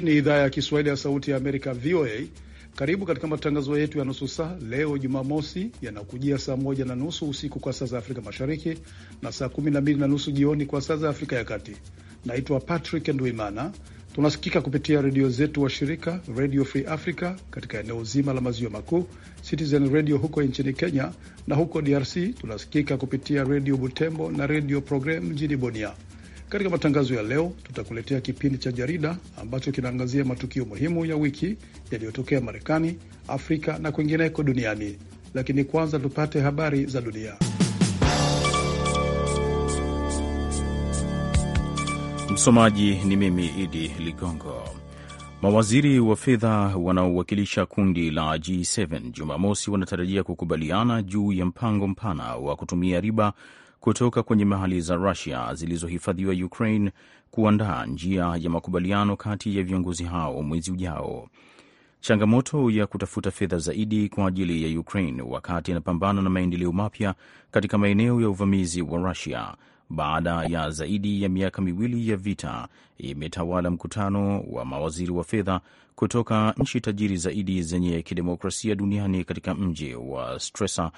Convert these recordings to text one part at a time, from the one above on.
Hii ni idhaa ya Kiswahili ya Sauti ya Amerika, VOA. Karibu katika matangazo yetu ya nusu saa leo Jumamosi, yanakujia saa moja na nusu usiku kwa saa za Afrika Mashariki na saa kumi na mbili na nusu jioni kwa saa za Afrika ya Kati. Naitwa Patrick Ndwimana. Tunasikika kupitia redio zetu wa shirika Radio Free Africa katika eneo zima la maziwa makuu, Citizen Radio huko nchini Kenya, na huko DRC tunasikika kupitia Redio Butembo na Redio Program mjini Bunia. Katika matangazo ya leo, tutakuletea kipindi cha jarida ambacho kinaangazia matukio muhimu ya wiki yaliyotokea Marekani, Afrika na kwingineko duniani. Lakini kwanza tupate habari za dunia. Msomaji ni mimi Idi Ligongo. Mawaziri wa fedha wanaowakilisha kundi la G7 Jumamosi wanatarajia kukubaliana juu ya mpango mpana wa kutumia riba kutoka kwenye mali za Rusia zilizohifadhiwa Ukraine kuandaa njia ya makubaliano kati ya viongozi hao mwezi ujao. Changamoto ya kutafuta fedha zaidi kwa ajili ya Ukraine wakati inapambana na maendeleo mapya katika maeneo ya uvamizi wa Rusia baada ya zaidi ya miaka miwili ya vita imetawala mkutano wa mawaziri wa fedha kutoka nchi tajiri zaidi zenye kidemokrasia duniani katika mji wa Stresa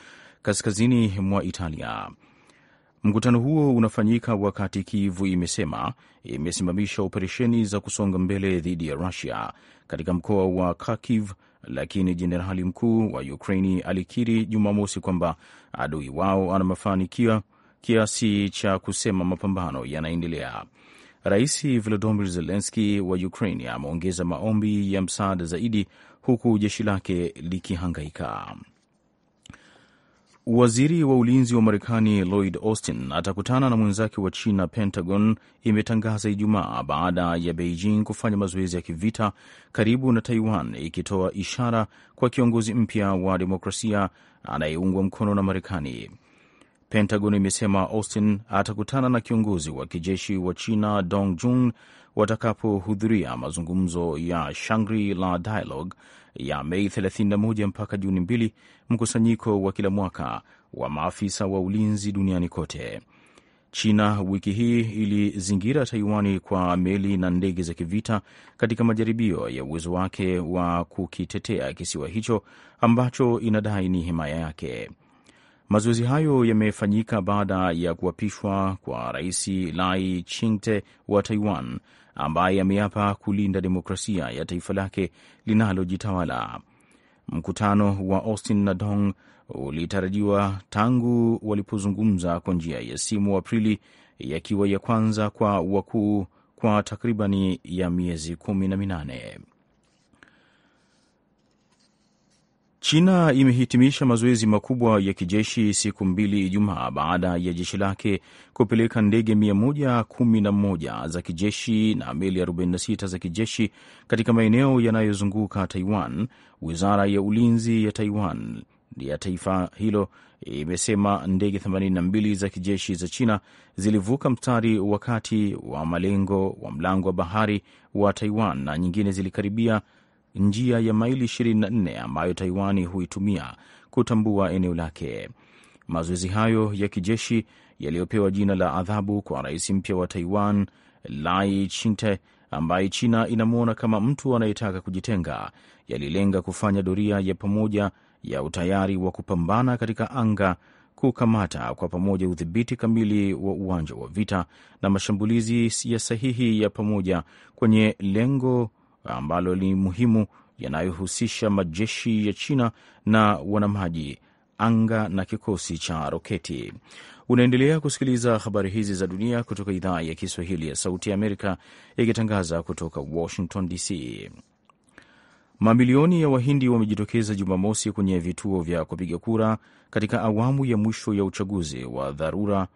kaskazini mwa Italia. Mkutano huo unafanyika wakati Kivu imesema imesimamisha operesheni za kusonga mbele dhidi ya Rusia katika mkoa wa Kharkiv, lakini jenerali mkuu wa Ukraini alikiri Jumamosi kwamba adui wao ana mafanikio kiasi cha kusema mapambano yanaendelea. Rais Volodymyr Zelenski wa Ukraini ameongeza maombi ya msaada zaidi huku jeshi lake likihangaika. Waziri wa ulinzi wa Marekani Lloyd Austin atakutana na mwenzake wa China, Pentagon imetangaza Ijumaa, baada ya Beijing kufanya mazoezi ya kivita karibu na Taiwan, ikitoa ishara kwa kiongozi mpya wa demokrasia anayeungwa mkono na Marekani. Pentagon imesema Austin atakutana na kiongozi wa kijeshi wa China Dong Jun watakapohudhuria mazungumzo ya Shangri-La Dialogue ya Mei 31 mpaka Juni 2, mkusanyiko wa kila mwaka wa maafisa wa ulinzi duniani kote. China wiki hii ilizingira Taiwani kwa meli na ndege za kivita katika majaribio ya uwezo wake wa kukitetea kisiwa hicho ambacho inadai ni himaya yake. Mazoezi hayo yamefanyika baada ya kuapishwa kwa Rais Lai Ching-te wa Taiwan ambaye ameapa kulinda demokrasia ya taifa lake linalojitawala. Mkutano wa Austin na Dong ulitarajiwa tangu walipozungumza kwa njia ya simu Aprili, yakiwa ya kwanza kwa wakuu kwa takribani ya miezi kumi na minane. China imehitimisha mazoezi makubwa ya kijeshi siku mbili Ijumaa baada ya jeshi lake kupeleka ndege 111 za kijeshi na meli 46 za kijeshi katika maeneo yanayozunguka Taiwan. Wizara ya ulinzi ya Taiwan ya taifa hilo imesema ndege 82 za kijeshi za China zilivuka mstari wakati wa malengo wa mlango wa bahari wa Taiwan na nyingine zilikaribia njia ya maili 24 ambayo Taiwani huitumia kutambua eneo lake. Mazoezi hayo ya kijeshi yaliyopewa jina la adhabu kwa rais mpya wa Taiwan Lai Chinte, ambaye China inamwona kama mtu anayetaka kujitenga, yalilenga kufanya doria ya pamoja ya utayari wa kupambana katika anga, kukamata kwa pamoja udhibiti kamili wa uwanja wa vita na mashambulizi ya sahihi ya pamoja kwenye lengo ambalo ni muhimu yanayohusisha majeshi ya China na wanamaji anga na kikosi cha roketi. Unaendelea kusikiliza habari hizi za dunia kutoka idhaa ya Kiswahili ya Sauti ya Amerika ikitangaza kutoka Washington DC. Mamilioni ya Wahindi wamejitokeza Jumamosi kwenye vituo vya kupiga kura katika awamu ya mwisho ya uchaguzi wa dharura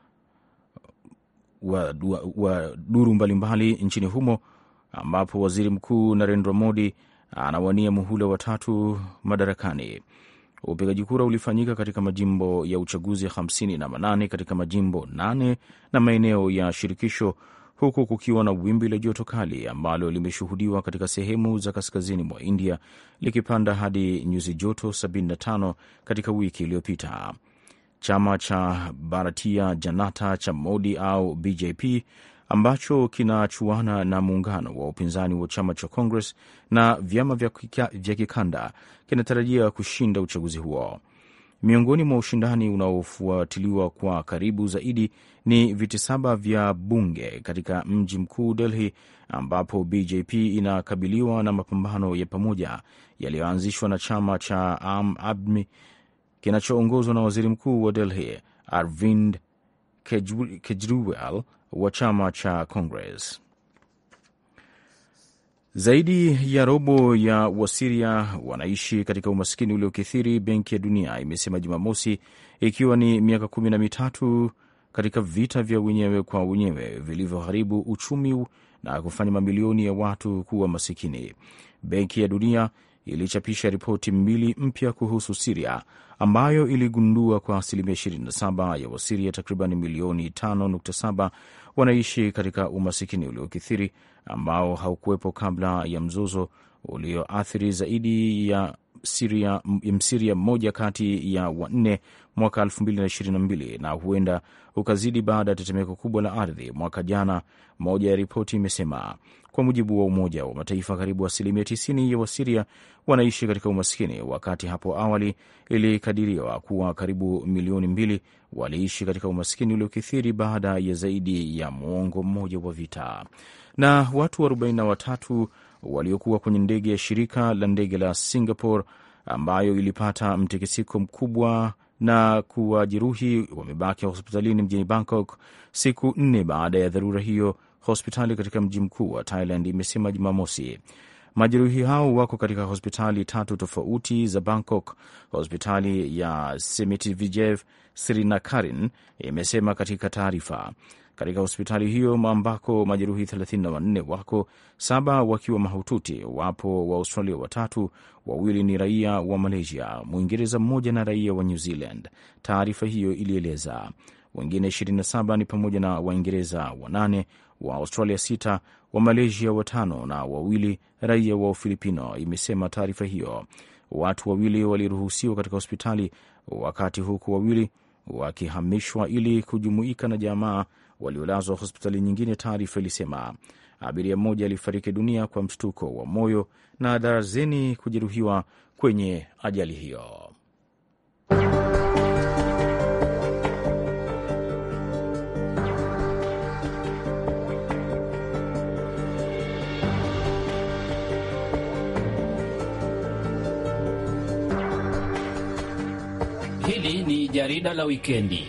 wa, wa, wa duru mbalimbali nchini humo ambapo waziri mkuu Narendra Modi anawania muhula watatu madarakani. Upigaji kura ulifanyika katika majimbo ya uchaguzi 58 katika majimbo 8 na maeneo ya shirikisho, huku kukiwa na wimbi la joto kali ambalo limeshuhudiwa katika sehemu za kaskazini mwa India likipanda hadi nyuzi joto 75 katika wiki iliyopita. Chama cha Bharatiya Janata cha Modi au BJP ambacho kinachuana na muungano wa upinzani wa chama cha Congress na vyama vya kikanda kinatarajia kushinda uchaguzi huo. Miongoni mwa ushindani unaofuatiliwa kwa karibu zaidi ni viti saba vya bunge katika mji mkuu Delhi, ambapo BJP inakabiliwa na mapambano ya pamoja yaliyoanzishwa na chama cha Aam Aadmi kinachoongozwa na waziri mkuu wa Delhi Arvind Kejriwal wa chama cha Congress. Zaidi ya robo ya Wasiria wanaishi katika umaskini uliokithiri, Benki ya Dunia imesema Jumamosi, ikiwa ni miaka kumi na mitatu katika vita vya wenyewe kwa wenyewe vilivyoharibu uchumi na kufanya mamilioni ya watu kuwa masikini. Benki ya Dunia ilichapisha ripoti mbili mpya kuhusu Siria ambayo iligundua kwa asilimia 27 ya Wasiria takriban milioni 5.7 wanaishi katika umasikini uliokithiri ambao haukuwepo kabla ya mzozo ulioathiri zaidi ya Syria, msiria mmoja kati ya wanne mwaka 2022 na huenda ukazidi baada ya tetemeko kubwa la ardhi mwaka jana, moja ya ripoti imesema. Kwa mujibu wa Umoja wa Mataifa, karibu asilimia 90 ya Wasiria wanaishi katika umaskini, wakati hapo awali ilikadiriwa kuwa karibu milioni mbili waliishi katika umaskini uliokithiri baada ya zaidi ya muongo mmoja wa vita. Na watu 43 waliokuwa kwenye ndege ya shirika la ndege la Singapore ambayo ilipata mtikisiko mkubwa na kuwajeruhi wamebaki hospitalini mjini Bangkok siku nne baada ya dharura hiyo. Hospitali katika mji mkuu wa Thailand imesema Jumamosi majeruhi hao wako katika hospitali tatu tofauti za Bangkok. Hospitali ya Semitivijay Srinakarin imesema katika taarifa katika hospitali hiyo ambako majeruhi 34 wako saba wakiwa mahututi. Wapo wa Australia watatu, wawili ni raia wa Malaysia, Mwingereza mmoja na raia wa New Zealand, taarifa hiyo ilieleza. Wengine 27 ni pamoja na Waingereza wanane wa Australia sita wa Malaysia watano na wawili raia wa Ufilipino, imesema taarifa hiyo. Watu wawili waliruhusiwa katika hospitali wakati, huku wawili wakihamishwa ili kujumuika na jamaa waliolazwa hospitali nyingine, taarifa ilisema. Abiria mmoja alifariki dunia kwa mshtuko wa moyo na darazeni kujeruhiwa kwenye ajali hiyo. Hili ni jarida la wikendi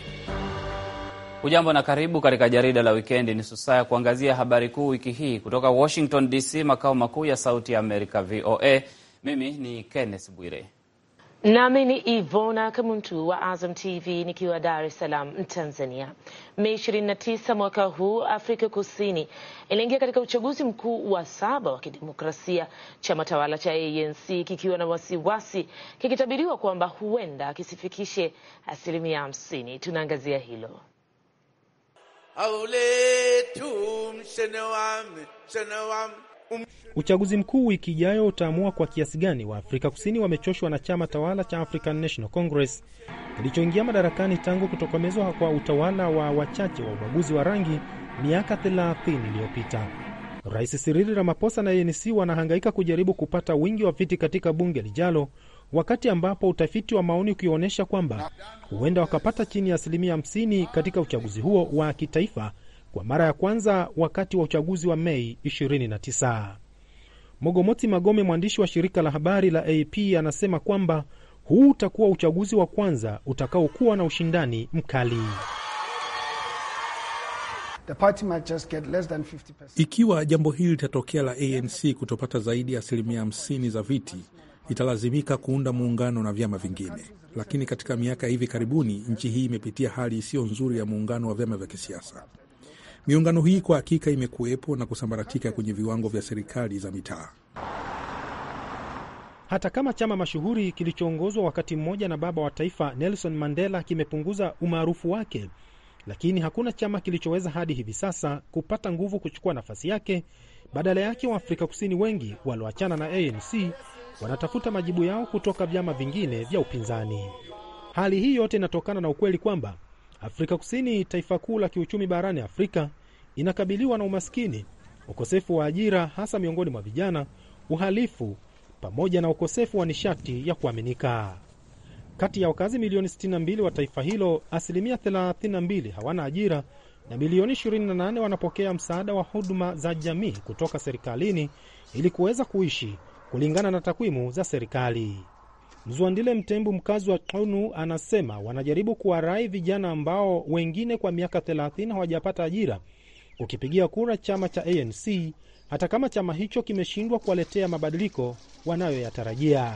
Hujambo na karibu katika jarida la wikendi. Ni susa ya kuangazia habari kuu wiki hii kutoka Washington DC, makao makuu ya Sauti ya Amerika, VOA. Mimi ni Kenneth Bwire nami ni Ivona Kamuntu wa Azam TV nikiwa Dar es Salaam, Tanzania. Mei 29 mwaka huu Afrika Kusini iliingia katika uchaguzi mkuu wa saba wa kidemokrasia, chama tawala cha ANC kikiwa na wasiwasi, kikitabiriwa kwamba huenda kisifikishe asilimia 50 Tunaangazia hilo. Um- Uchaguzi mkuu wiki ijayo utaamua kwa kiasi gani wa afrika Kusini wamechoshwa na chama tawala cha African National Congress kilichoingia madarakani tangu kutokomezwa kwa utawala wa wachache wa ubaguzi wa rangi miaka 30 iliyopita. Rais Cyril Ramaphosa na ANC wanahangaika kujaribu kupata wingi wa viti katika bunge lijalo wakati ambapo utafiti wa maoni ukionyesha kwamba huenda wakapata chini ya asilimia 50 katika uchaguzi huo wa kitaifa kwa mara ya kwanza wakati wa uchaguzi wa Mei 29. Mogomoti Magome, mwandishi wa shirika la habari la AP, anasema kwamba huu utakuwa uchaguzi wa kwanza utakaokuwa na ushindani mkali. The party might just get less than 50%. Ikiwa jambo hili litatokea la ANC kutopata zaidi ya asilimia 50 za viti, italazimika kuunda muungano na vyama vingine. Lakini katika miaka ya hivi karibuni, nchi hii imepitia hali isiyo nzuri ya muungano wa vyama vya kisiasa. Miungano hii kwa hakika imekuwepo na kusambaratika kwenye viwango vya serikali za mitaa. Hata kama chama mashuhuri kilichoongozwa wakati mmoja na baba wa taifa Nelson Mandela kimepunguza umaarufu wake, lakini hakuna chama kilichoweza hadi hivi sasa kupata nguvu kuchukua nafasi yake. Badala yake, Waafrika Kusini wengi walioachana na ANC wanatafuta majibu yao kutoka vyama vingine vya upinzani. Hali hii yote inatokana na ukweli kwamba Afrika Kusini, taifa kuu la kiuchumi barani Afrika, inakabiliwa na umaskini, ukosefu wa ajira, hasa miongoni mwa vijana, uhalifu pamoja na ukosefu wa nishati ya kuaminika. Kati ya wakazi milioni 62 wa taifa hilo, asilimia 32 hawana ajira na milioni 28 wanapokea msaada wa huduma za jamii kutoka serikalini ili kuweza kuishi kulingana na takwimu za serikali. mzuandile Mtembu, mkazi wa Tunu, anasema wanajaribu kuwarai vijana ambao wengine kwa miaka 30 hawajapata ajira kukipigia kura chama cha ANC hata kama chama hicho kimeshindwa kuwaletea mabadiliko wanayoyatarajia.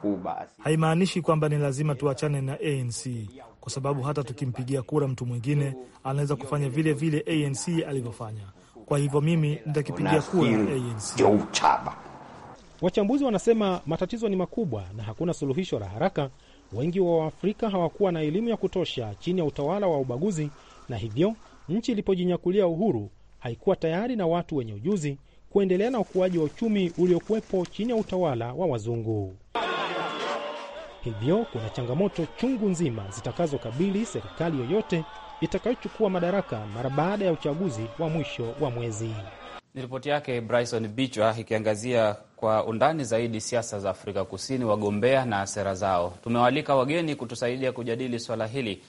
kuba haimaanishi kwamba ni lazima tuachane na ANC kwa sababu hata tukimpigia kura mtu mwingine anaweza kufanya vile vile ANC alivyofanya. Kwa hivyo mimi nitakipigia kura ANC. Wachambuzi wanasema matatizo ni makubwa na hakuna suluhisho la haraka. Wengi wa Waafrika hawakuwa na elimu ya kutosha chini ya utawala wa ubaguzi, na hivyo nchi ilipojinyakulia uhuru haikuwa tayari na watu wenye ujuzi kuendelea na ukuaji wa uchumi uliokuwepo chini ya utawala wa wazungu. Hivyo kuna changamoto chungu nzima zitakazokabili serikali yoyote itakayochukua madaraka mara baada ya uchaguzi wa mwisho wa mwezi. Ni ripoti yake Bryson Bichwa ikiangazia kwa undani zaidi siasa za Afrika Kusini, wagombea na sera zao. Tumewaalika wageni kutusaidia kujadili swala hili.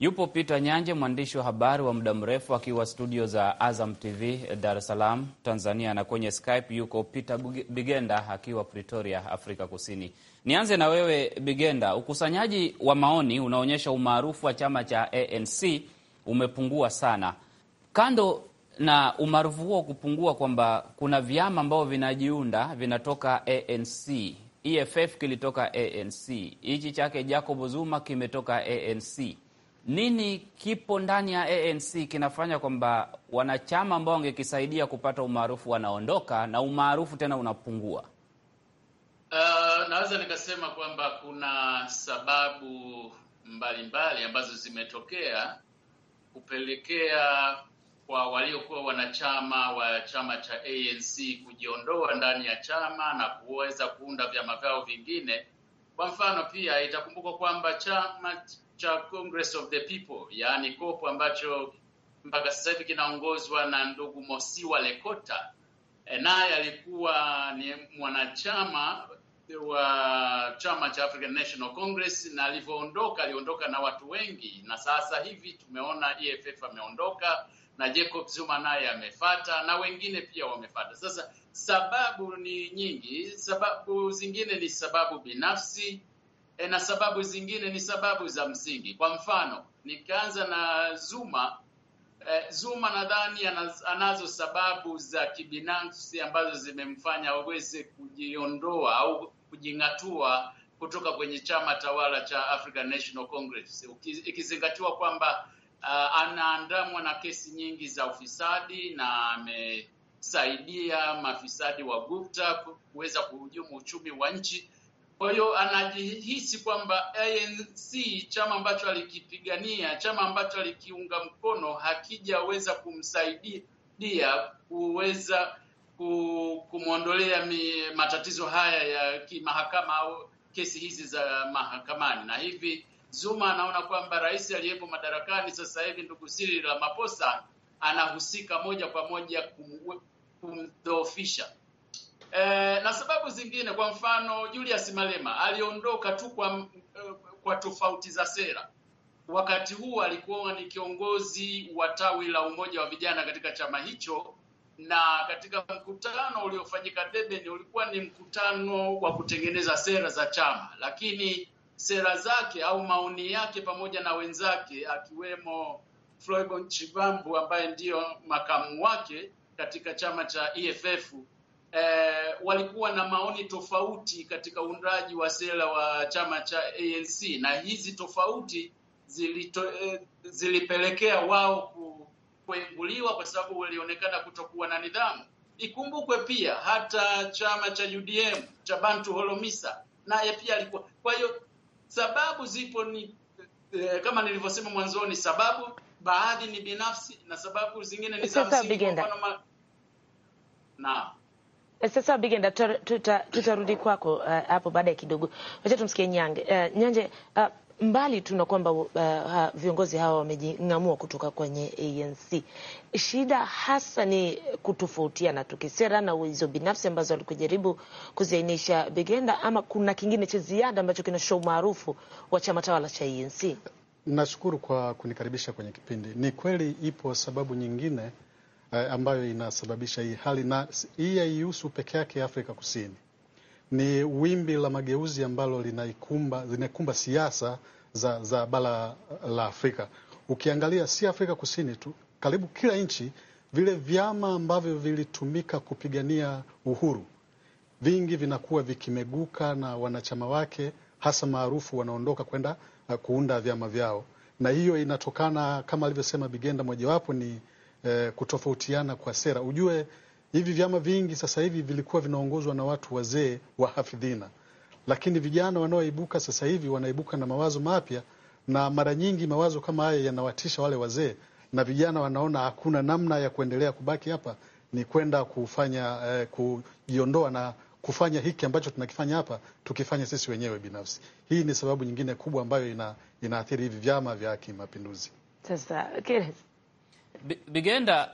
Yupo Peter Nyanje, mwandishi wa habari wa muda mrefu, akiwa studio za Azam TV Dar es Salaam, Tanzania, na kwenye Skype yuko Peter Bigenda akiwa Pretoria, Afrika Kusini. Nianze na wewe Bigenda, ukusanyaji wa maoni unaonyesha umaarufu wa chama cha ANC umepungua sana. Kando na umaarufu huo kupungua, kwamba kuna vyama ambavyo vinajiunda vinatoka ANC. EFF kilitoka ANC, hichi chake Jacob Zuma kimetoka ANC. Nini kipo ndani ya ANC kinafanya kwamba wanachama ambao wangekisaidia kupata umaarufu wanaondoka na umaarufu tena unapungua? Uh naweza nikasema kwamba kuna sababu mbalimbali mbali ambazo zimetokea kupelekea kwa waliokuwa wanachama wa chama cha ANC kujiondoa ndani ya chama na kuweza kuunda vyama vyao vingine. Kwa mfano, pia itakumbukwa kwamba chama cha Congress of the People, yaani kopo ambacho mpaka sasa hivi kinaongozwa na ndugu Mosiwa Lekota, eh, naye alikuwa ni mwanachama wa chama cha African National Congress, na alivyoondoka aliondoka na watu wengi, na sasa hivi tumeona EFF ameondoka na Jacob Zuma naye amefata na wengine pia wamefata. Sasa sababu ni nyingi, sababu zingine ni sababu binafsi e, na sababu zingine ni sababu za msingi. Kwa mfano, nikaanza na Zuma eh, Zuma nadhani anazo sababu za kibinafsi ambazo zimemfanya aweze kujiondoa au kujing'atua kutoka kwenye chama tawala cha African National Congress, ikizingatiwa kwamba uh, anaandamwa na kesi nyingi za ufisadi na amesaidia mafisadi wa Gupta kuweza kuhujumu uchumi wa nchi. Kwa hiyo anajihisi kwamba ANC chama ambacho alikipigania, chama ambacho alikiunga mkono hakijaweza kumsaidia kuweza kumwondolea matatizo haya ya kimahakama au kesi hizi za mahakamani, na hivi Zuma anaona kwamba rais aliyepo madarakani sasa hivi, ndugu Cyril Ramaphosa, anahusika moja kwa moja kumdhoofisha E, na sababu zingine, kwa mfano Julius Malema aliondoka tu kwa, eh, kwa tofauti za sera. Wakati huu alikuwa ni kiongozi wa tawi la umoja wa vijana katika chama hicho, na katika mkutano uliofanyika Deben ulikuwa ni mkutano wa kutengeneza sera za chama, lakini sera zake au maoni yake pamoja na wenzake akiwemo Floyd Chivambu ambaye ndiyo makamu wake katika chama cha EFF eh, walikuwa na maoni tofauti katika uundaji wa sera wa chama cha ANC na hizi tofauti zilito, eh, zilipelekea wao kuenguliwa kwa sababu walionekana kutokuwa na nidhamu. Ikumbukwe pia hata chama cha UDM cha Bantu Holomisa naye pia alikuwa. Kwa hiyo sababu zipo ni eh, kama nilivyosema mwanzoni, sababu baadhi ni binafsi na sababu zingine ni za msingi. Naam. Sasa Bigenda, tutarudi kwako uh, hapo uh, baada ya kidogo. Wacha tumsikie Nyange uh, Nyanje uh, mbali kwamba uh, viongozi hawa wamejing'amua kutoka kwenye ANC. Shida hasa ni kutofautiana tu kisera na uwezo binafsi ambazo walikujaribu kuziainisha Bigenda, ama kuna kingine cha ziada ambacho kinaonyesha umaarufu wa chama tawala cha ANC? Nashukuru kwa kunikaribisha kwenye kipindi. Ni kweli ipo sababu nyingine Eh, ambayo inasababisha hii hali, na hii haihusu peke yake Afrika Kusini. Ni wimbi la mageuzi ambalo linaikumba linaikumba siasa za, za bara la Afrika. Ukiangalia si Afrika Kusini tu, karibu kila nchi, vile vyama ambavyo vilitumika kupigania uhuru vingi vinakuwa vikimeguka na wanachama wake hasa maarufu wanaondoka kwenda eh, kuunda vyama vyao, na hiyo inatokana kama alivyosema Bigenda, mojawapo ni eh, kutofautiana kwa sera. Ujue hivi vyama vingi sasa hivi vilikuwa vinaongozwa na watu wazee wa hafidhina, lakini vijana wanaoibuka sasa hivi wanaibuka na mawazo mapya, na mara nyingi mawazo kama haya yanawatisha wale wazee, na vijana wanaona hakuna namna ya kuendelea kubaki hapa, ni kwenda kufanya eh, kujiondoa na kufanya hiki ambacho tunakifanya hapa tukifanya sisi wenyewe binafsi. Hii ni sababu nyingine kubwa ambayo ina, inaathiri hivi vyama vya kimapinduzi sasa. Bigenda,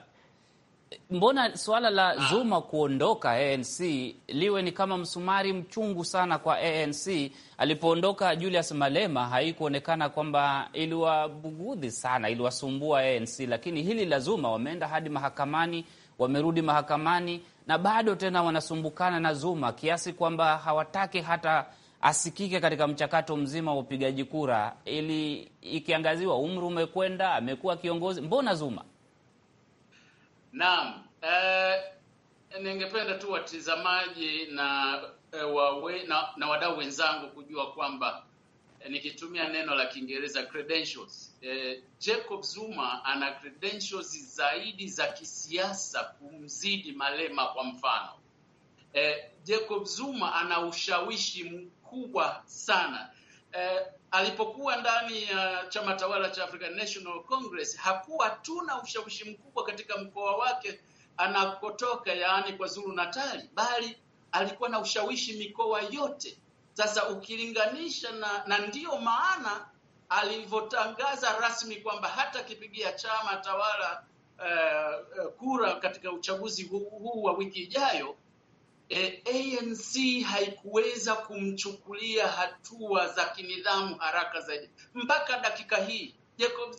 mbona suala la Zuma kuondoka ANC liwe ni kama msumari mchungu sana kwa ANC? Alipoondoka Julius Malema haikuonekana kwamba iliwabugudhi sana, iliwasumbua ANC, lakini hili la Zuma wameenda hadi mahakamani, wamerudi mahakamani na bado tena wanasumbukana na Zuma kiasi kwamba hawataki hata asikike katika mchakato mzima wa upigaji kura, ili ikiangaziwa umri umekwenda, amekuwa kiongozi. Mbona Zuma? Naam, eh, ningependa tu watizamaji na, eh, wawe, na, na wadau wenzangu kujua kwamba eh, nikitumia neno la Kiingereza credentials eh, Jacob Zuma ana credentials zaidi za kisiasa kumzidi Malema. Kwa mfano eh, Jacob Zuma ana ushawishi kubwa sana eh, alipokuwa ndani ya uh, chama tawala cha African National Congress hakuwa tu na ushawishi mkubwa katika mkoa wake anakotoka, yaani kwa Zulu Natali, bali alikuwa na ushawishi mikoa yote. Sasa ukilinganisha na, na ndiyo maana alivyotangaza rasmi kwamba hata akipigia chama tawala uh, uh, kura katika uchaguzi huu, huu wa wiki ijayo e, ANC haikuweza kumchukulia hatua za kinidhamu haraka zaidi. Mpaka dakika hii Jacob,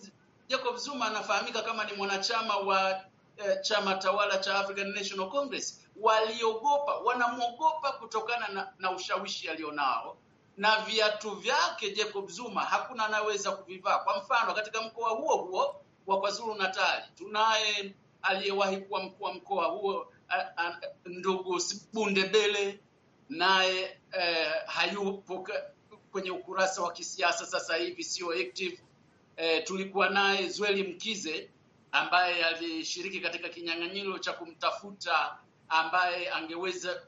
Jacob Zuma anafahamika kama ni mwanachama wa e, chama tawala cha African National Congress. Waliogopa, wanamwogopa kutokana na, na ushawishi alionao na viatu vyake Jacob Zuma hakuna anaweza kuvivaa. Kwa mfano, katika mkoa huo huo wa KwaZulu Natal tunaye aliyewahi kuwa mkuu wa mkoa huo ndugu Bunde Bele naye eh, hayupo kwenye ukurasa wa kisiasa sasa hivi, sio active eh, tulikuwa naye Zweli Mkize ambaye alishiriki katika kinyang'anyiro cha kumtafuta ambaye angeweza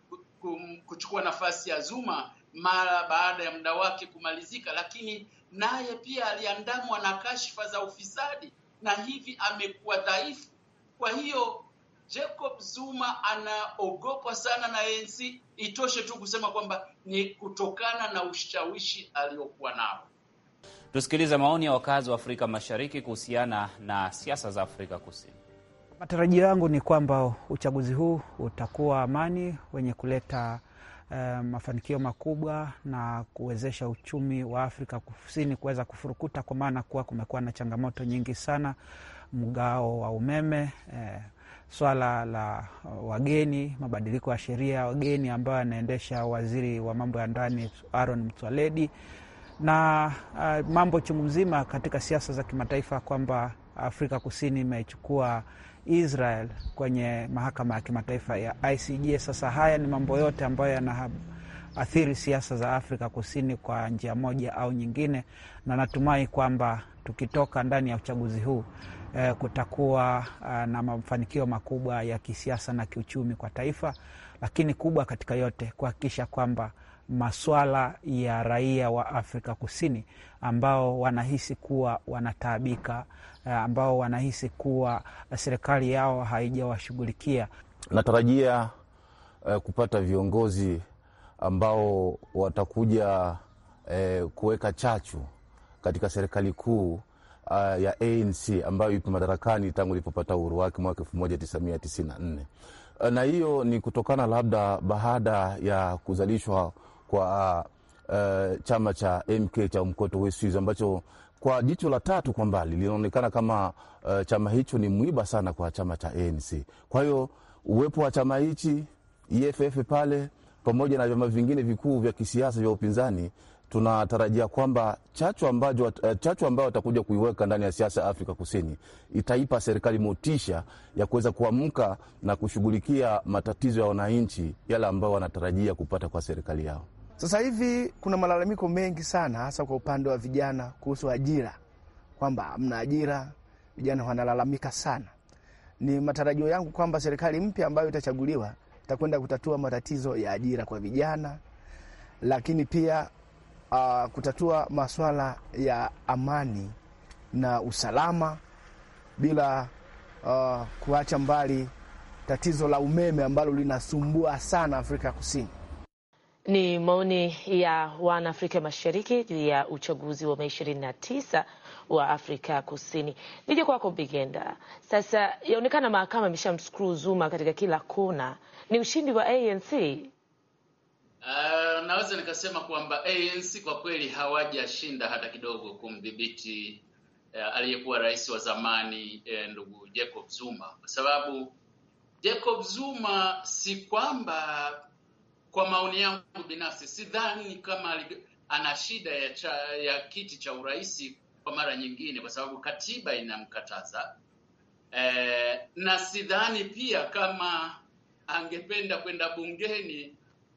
kuchukua nafasi ya Zuma mara baada ya muda wake kumalizika, lakini naye pia aliandamwa na kashfa za ufisadi na hivi amekuwa dhaifu. Kwa hiyo Jacob Zuma anaogopwa sana na ANC. Itoshe tu kusema kwamba ni kutokana na ushawishi aliokuwa nao. Tusikilize maoni ya wakazi wa Afrika Mashariki kuhusiana na siasa za Afrika Kusini. Matarajio yangu ni kwamba uchaguzi huu utakuwa amani wenye kuleta uh, mafanikio makubwa na kuwezesha uchumi wa Afrika Kusini kuweza kufurukuta, kwa maana kuwa kumekuwa na changamoto nyingi sana, mgao wa umeme uh, swala la wageni, mabadiliko ya sheria wageni ambayo anaendesha waziri wa mambo ya ndani Aaron Mswaledi na uh, mambo chungu mzima katika siasa za kimataifa kwamba Afrika Kusini imechukua Israel kwenye mahakama ya kimataifa ya ICJ. Sasa haya ni mambo yote ambayo yanaathiri siasa za Afrika Kusini kwa njia moja au nyingine, na natumai kwamba tukitoka ndani ya uchaguzi huu eh, kutakuwa eh, na mafanikio makubwa ya kisiasa na kiuchumi kwa taifa, lakini kubwa katika yote kuhakikisha kwamba maswala ya raia wa Afrika Kusini ambao wanahisi kuwa wanataabika, eh, ambao wanahisi kuwa serikali yao haijawashughulikia. Natarajia eh, kupata viongozi ambao watakuja eh, kuweka chachu katika serikali kuu uh, ya ANC ambayo ipo madarakani tangu ilipopata uhuru wake mwaka 1994 uh, na hiyo ni kutokana labda baada ya kuzalishwa kwa uh, uh chama cha MK cha Umkhonto we Sizwe ambacho kwa jicho la tatu kwa mbali linaonekana kama uh, chama hicho ni mwiba sana kwa chama cha ANC. Kwa hiyo uwepo wa chama hichi EFF pale pamoja na vyama vingine vikuu vya kisiasa vya upinzani tunatarajia kwamba chachu ambayo eh, chachu ambayo watakuja kuiweka ndani ya siasa ya Afrika Kusini itaipa serikali motisha ya kuweza kuamka na kushughulikia matatizo ya wananchi yale ambayo wanatarajia kupata kwa serikali yao. Sasa hivi kuna malalamiko mengi sana, hasa kwa upande wa vijana kuhusu ajira, kwamba hamna ajira, vijana wanalalamika sana. Ni matarajio yangu kwamba serikali mpya ambayo itachaguliwa itakwenda kutatua matatizo ya ajira kwa vijana, lakini pia uh, kutatua masuala ya amani na usalama bila uh, kuacha mbali tatizo la umeme ambalo linasumbua sana Afrika Kusini. Ni maoni ya wana afrika mashariki juu ya uchaguzi wa Mei ishirini na tisa wa Afrika Kusini. Nije kwako Bigenda. Sasa yaonekana mahakama imeshamshukuru Zuma katika kila kona, ni ushindi wa ANC Uh, naweza nikasema kwamba ANC kwa kweli hawajashinda hata kidogo kumdhibiti uh, aliyekuwa rais wa zamani uh, ndugu Jacob Zuma, kwa sababu Jacob Zuma si kwamba, kwa maoni yangu binafsi, sidhani kama ana shida ya, cha, ya kiti cha urais kwa mara nyingine, kwa sababu katiba inamkataza uh, na sidhani pia kama angependa kwenda bungeni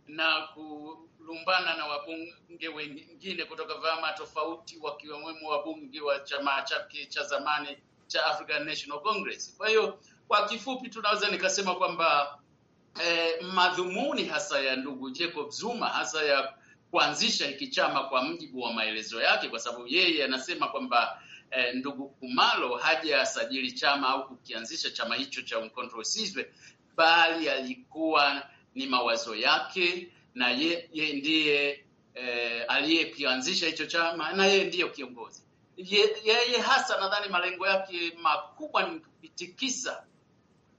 na kulumbana na wabunge wengine kutoka vyama tofauti, wakiwemo wabunge wa chama chake cha zamani cha African National Congress. Kwa hiyo kwa kifupi, tunaweza nikasema kwamba eh, madhumuni hasa ya ndugu Jacob Zuma hasa ya kuanzisha hiki chama kwa mjibu wa maelezo yake, kwa sababu yeye anasema kwamba eh, ndugu Kumalo hajasajili chama au kukianzisha chama hicho cha Mkonto Sizwe, bali alikuwa ni mawazo yake na ye, ye ndiye e, aliyekianzisha hicho chama na yeye ndiyo kiongozi yeye ye hasa. Nadhani malengo yake makubwa ni kukitikisa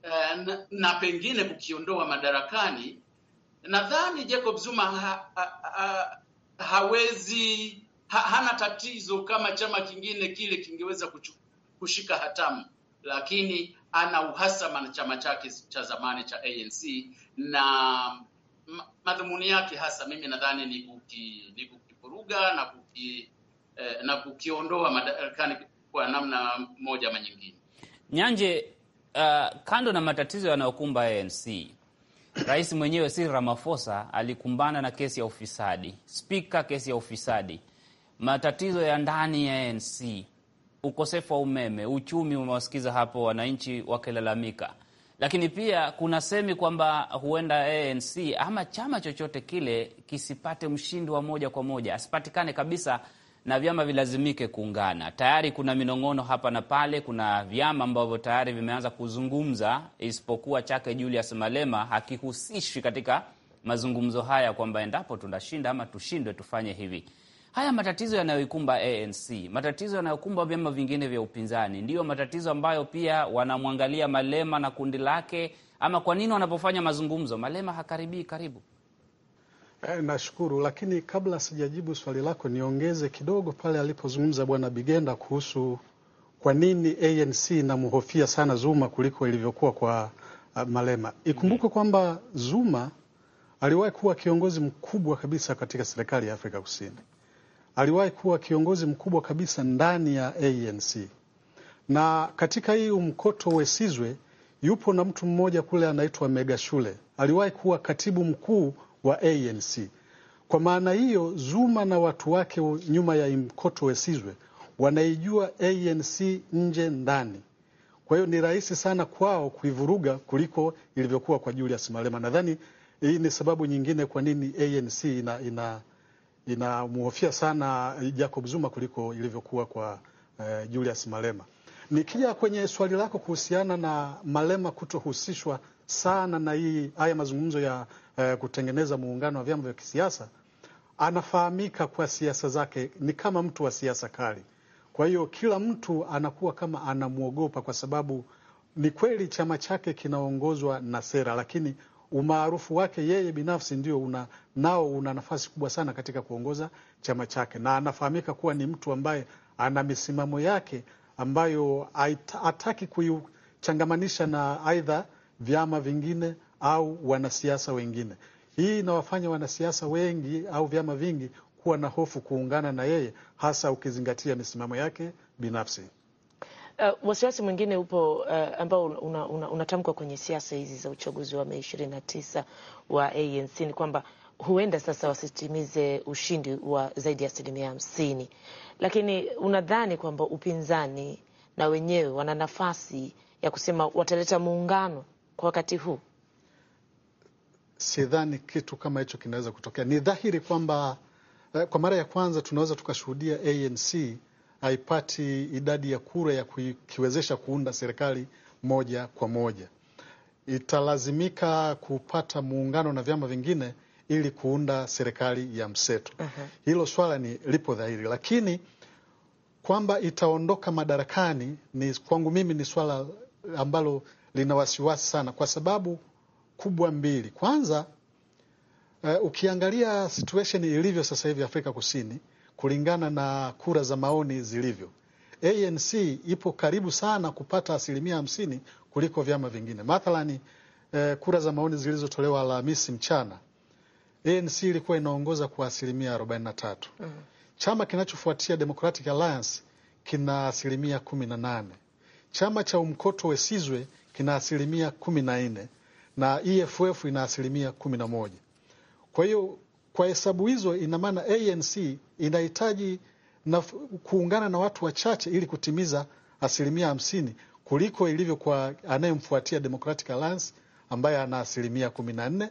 e, eh, na, na pengine kukiondoa madarakani. Nadhani Jacob Zuma ha, ha, ha, hawezi ha, hana tatizo kama chama kingine kile kingeweza kushika hatamu, lakini ana uhasama na chama chake cha zamani cha ANC na madhumuni yake hasa mimi nadhani ni kuki, ni kukivuruga na kuki, eh, na kukiondoa madarakani kwa namna moja ama nyingine. Nyanje, uh, kando na matatizo yanayokumba ANC, rais mwenyewe Cyril Ramaphosa alikumbana na kesi ya ufisadi, spika kesi ya ufisadi, matatizo ya ndani ya ANC ukosefu wa umeme, uchumi. Umewasikiza hapo wananchi wakilalamika, lakini pia kuna semi kwamba huenda ANC ama chama chochote kile kisipate mshindi wa moja kwa moja, asipatikane kabisa na vyama vilazimike kuungana. Tayari kuna minong'ono hapa na pale, kuna vyama ambavyo tayari vimeanza kuzungumza, isipokuwa chake Julius Malema hakihusishwi katika mazungumzo haya, kwamba endapo tunashinda ama tushindwe tufanye hivi. Haya matatizo yanayoikumba ANC, matatizo yanayokumba vyama vingine vya upinzani, ndiyo matatizo ambayo pia wanamwangalia Malema na kundi lake, ama kwa nini wanapofanya mazungumzo Malema hakaribii karibu? Eh, nashukuru, lakini kabla sijajibu swali lako niongeze kidogo pale alipozungumza bwana Bigenda kuhusu kwa nini ANC inamhofia sana Zuma kuliko ilivyokuwa kwa uh, Malema. Ikumbuke mm-hmm. kwamba Zuma aliwahi kuwa kiongozi mkubwa kabisa katika serikali ya Afrika Kusini aliwahi kuwa kiongozi mkubwa kabisa ndani ya ANC, na katika hii umkoto wesizwe yupo na mtu mmoja kule anaitwa mega shule aliwahi kuwa katibu mkuu wa ANC. Kwa maana hiyo, Zuma na watu wake nyuma ya mkoto wesizwe wanaijua ANC nje ndani. Kwa hiyo ni rahisi sana kwao kuivuruga kuliko ilivyokuwa kwa Julius Malema. Nadhani hii ni sababu nyingine kwa nini ANC ina, ina inamhofia sana Jacob Zuma kuliko ilivyokuwa kwa uh, Julius Malema. Nikija kwenye swali lako kuhusiana na Malema kutohusishwa sana na hii haya mazungumzo ya uh, kutengeneza muungano wa vyama vya kisiasa, anafahamika kwa siasa zake, ni kama mtu wa siasa kali. Kwa hiyo kila mtu anakuwa kama anamwogopa, kwa sababu ni kweli chama chake kinaongozwa na sera, lakini umaarufu wake yeye binafsi ndio una, nao una nafasi kubwa sana katika kuongoza chama chake, na anafahamika kuwa ni mtu ambaye ana misimamo yake ambayo hataki kuichangamanisha na aidha vyama vingine au wanasiasa wengine. Hii inawafanya wanasiasa wengi au vyama vingi kuwa na hofu kuungana na yeye, hasa ukizingatia misimamo yake binafsi. Uh, wasiwasi mwingine upo uh, ambao unatamkwa una, una kwenye siasa hizi za uchaguzi wa Mei ishirini na tisa wa ANC ni kwamba huenda sasa wasitimize ushindi wa zaidi ya asilimia hamsini, lakini unadhani kwamba upinzani na wenyewe wana nafasi ya kusema wataleta muungano kwa wakati huu? Sidhani kitu kama hicho kinaweza kutokea. Ni dhahiri kwamba eh, kwa mara ya kwanza tunaweza tukashuhudia ANC haipati idadi ya kura ya kukiwezesha kuunda serikali moja kwa moja. Italazimika kupata muungano na vyama vingine ili kuunda serikali ya mseto. uh -huh. Hilo swala ni lipo dhahiri, lakini kwamba itaondoka madarakani ni kwangu mimi ni swala ambalo lina wasiwasi sana kwa sababu kubwa mbili. Kwanza uh, ukiangalia situation ilivyo sasa hivi Afrika Kusini kulingana na kura za maoni zilivyo. ANC ipo karibu sana kupata asilimia hamsini kuliko vyama vingine. Mathalani eh, kura za maoni zilizotolewa Alhamisi mchana ANC ilikuwa inaongoza kwa asilimia 43. Mm. Chama kinachofuatia Democratic Alliance kina asilimia 18. Chama cha Umkoto Wesizwe kina asilimia 14 na EFF e ina asilimia 11. Kwa hiyo kwa hesabu hizo, ina maana ANC inahitaji na kuungana na watu wachache ili kutimiza asilimia hamsini kuliko ilivyo kwa anayemfuatia Democratic Alliance ambaye ana asilimia kumi na nne.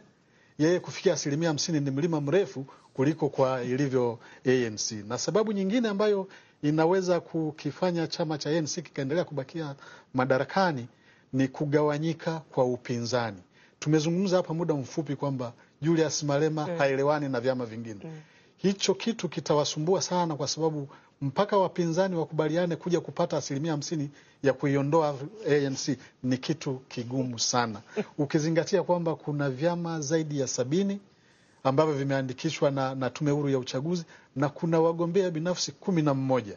Yeye kufikia asilimia hamsini ni mlima mrefu kuliko kwa ilivyo ANC. Na sababu nyingine ambayo inaweza kukifanya chama cha ANC kikaendelea kubakia madarakani ni kugawanyika kwa upinzani. Tumezungumza hapa muda mfupi kwamba Julius Malema mm. haelewani na vyama vingine mm. hicho kitu kitawasumbua sana, kwa sababu mpaka wapinzani wakubaliane kuja kupata asilimia hamsini ya kuiondoa ANC ni kitu kigumu sana, ukizingatia kwamba kuna vyama zaidi ya sabini ambavyo vimeandikishwa na, na Tume Huru ya Uchaguzi na kuna wagombea binafsi kumi na mmoja.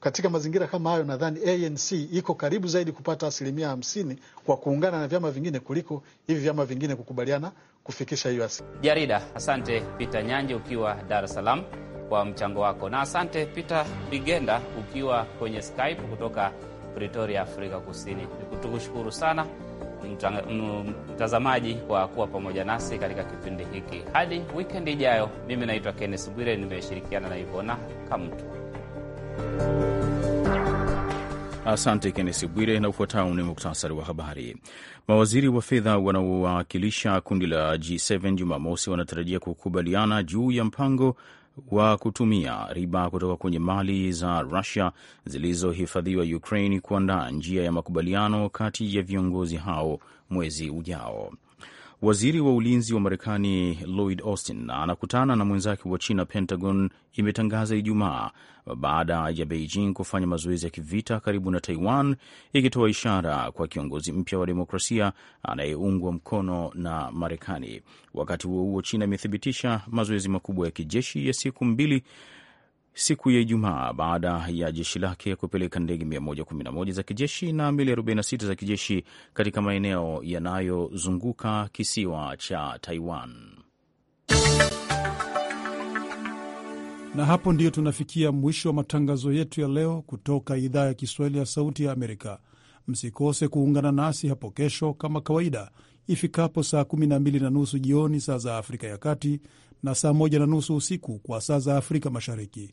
Katika mazingira kama hayo, nadhani ANC iko karibu zaidi kupata asilimia hamsini kwa kuungana na vyama vingine kuliko hivi vyama vingine kukubaliana kufikisha hiyo Jarida, asante Peter Nyanji ukiwa Dar es Salaam kwa mchango wako, na asante Peter Bigenda ukiwa kwenye Skype kutoka Pretoria, Afrika Kusini. Nikushukuru sana mtazamaji kwa kuwa pamoja nasi katika kipindi hiki. Hadi wikendi ijayo, mimi naitwa Kennes Bwire, nimeshirikiana na Ivona Kamtu. Asante Kennesi Bwire, na ufuatao ni muktasari wa habari. Mawaziri wa fedha wanaowakilisha kundi la G7 Jumamosi wanatarajia kukubaliana juu ya mpango wa kutumia riba kutoka kwenye mali za Rusia zilizohifadhiwa Ukraine kuandaa njia ya makubaliano kati ya viongozi hao mwezi ujao. Waziri wa ulinzi wa Marekani Lloyd Austin anakutana na mwenzake wa China, Pentagon imetangaza Ijumaa, baada ya Beijing kufanya mazoezi ya kivita karibu na Taiwan, ikitoa ishara kwa kiongozi mpya wa demokrasia anayeungwa mkono na Marekani. Wakati huo huo, China imethibitisha mazoezi makubwa ya kijeshi ya siku mbili siku ya Ijumaa baada ya jeshi lake kupeleka ndege 111 za kijeshi na 246 za kijeshi katika maeneo yanayozunguka kisiwa cha Taiwan. Na hapo ndiyo tunafikia mwisho wa matangazo yetu ya leo kutoka idhaa ya Kiswahili ya Sauti ya Amerika. Msikose kuungana nasi hapo kesho kama kawaida ifikapo saa 12 na nusu jioni saa za Afrika ya Kati na saa 1 na nusu usiku kwa saa za Afrika Mashariki.